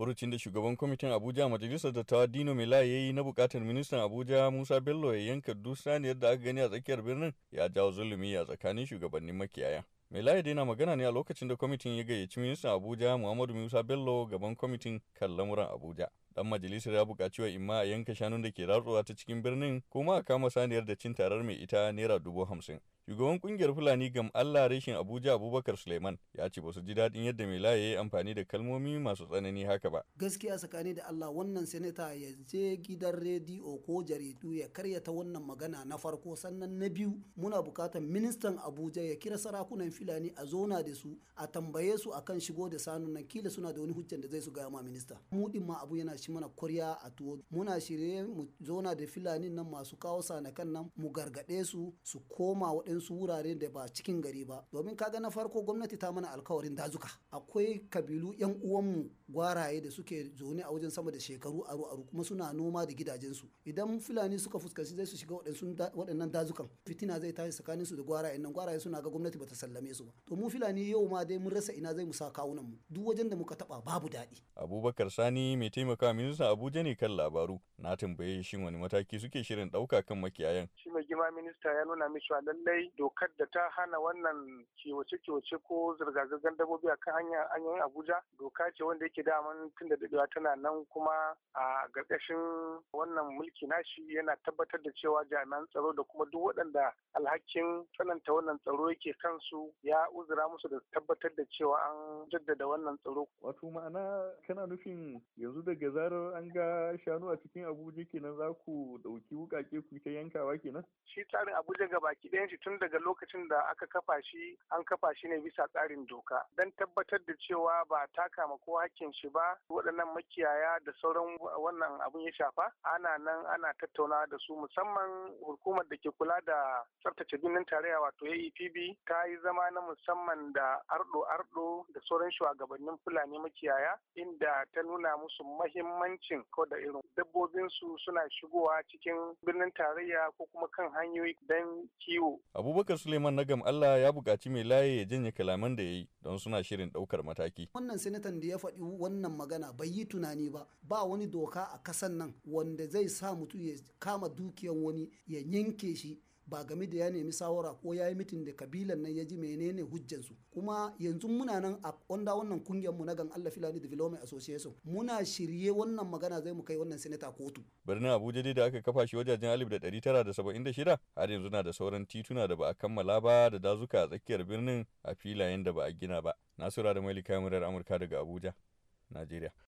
Furucin da shugaban kwamitin Abuja Majalisar Dattawa Dino Mela ya yi na bukatar ministan Abuja Musa Bello ya yanka duk saniyar da aka gani a tsakiyar birnin ya jawo zulumi a tsakanin shugabannin makiyaya. Mela ya na magana ne a lokacin da kwamitin ya gayyaci ministan Abuja Muhammadu Musa Bello gaban kwamitin kan lamuran Abuja. Dan majalisar ya bukaci wa imma a yanka shanun da ke ratsuwa ta cikin birnin kuma a kama saniyar da cin tarar mai ita naira dubu hamsin. Shugaban kungiyar Fulani gam Allah reshin Abuja Abubakar Suleiman ya ce ba su ji daɗin yadda mai laye ya yi amfani da kalmomi masu tsanani haka ba. Gaskiya tsakani da Allah wannan seneta ya je gidan rediyo ko jaridu ya karyata wannan magana na farko sannan na biyu muna bukatar ministan Abuja ya kira sarakunan Fulani a zona da su a tambaye su akan shigo da sanu nan kila suna da wani hujjan da zai su gaya ma minista. Mu din ma abu yana shi mana kurya a tuwo muna shirye mu zona da Fulani nan masu kawo sanakan nan mu gargaɗe su su koma waɗansu wasu wurare da ba cikin gari ba domin kaga na farko gwamnati ta mana alkawarin dazuka akwai kabilu yan uwanmu gwaraye da suke zaune a wajen sama da shekaru aru aru kuma suna noma da gidajensu idan fulani suka fuskanci zai su shiga waɗannan dazukan fitina zai tashi tsakanin su da gwaraye nan gwaraye suna ga gwamnati bata sallame su ba to mu fulani yau ma dai mun rasa ina zai mu sa kawunan mu duk wajen da muka taba babu daɗi abubakar sani mai taimaka minista abuja ne kan labaru na tambaye shin wani mataki suke shirin ɗauka kan makiyayan shi mai gima minista ya nuna mishi cewa lallai dokar da ta hana wannan kiwace-kiwace ko zirga-zirgar dabbobi a kan hanyoyin Abuja doka ce wanda yake daman tun da dadewa tana nan kuma a ƙarƙashin wannan mulki nashi yana tabbatar da cewa jami'an tsaro da kuma duk waɗanda alhakin tsananta wannan tsaro yake kansu ya uzura musu da tabbatar da cewa an jaddada wannan tsaro. Wato ma'ana kana nufin yanzu daga zarar an ga shanu a cikin Abuja kenan za ku ɗauki wuƙaƙe ku ta yankawa kenan? Shi tsarin Abuja gaba ki ɗayan shi tun daga lokacin da aka kafa shi an kafa shi ne bisa tsarin doka don tabbatar da cewa ba ta kama ko hakkin shi ba waɗannan makiyaya da sauran wannan abun ya shafa ana nan ana tattauna da su musamman hukumar da ke kula da tsaftace birnin tarayya wato AEPB ta yi zama na musamman da ardo ardo da sauran shugabannin Fulani makiyaya inda ta nuna musu mahimmancin ko da irin dabbobinsu suna shigowa cikin birnin tarayya ko kuma kan hanyoyi don kiwo. Abubakar Suleiman Nagam Allah ya bukaci mai laye ya janye kalaman da ya yi don suna shirin ɗaukar mataki. Wannan senatan da ya faɗi wannan magana bai yi tunani ba, ba wani doka a kasan nan wanda zai sa mutum ya kama dukiyar wani ya yanke shi ba game da ya nemi sawara ko ya yi mitin da kabilan nan ya ji menene hujjansu kuma yanzu muna nan a onda wannan kungiyar mu na gan Allah Filani Development Association muna shirye wannan magana zai mu kai wannan sinata kotu birnin Abuja dai da aka kafa shi wajajen 1976 har yanzu na da sauran tituna da ba a kammala ba da dazuka a tsakiyar birnin a filayen da ba a gina ba Nasura da Malika Murar Amurka daga Abuja Najeriya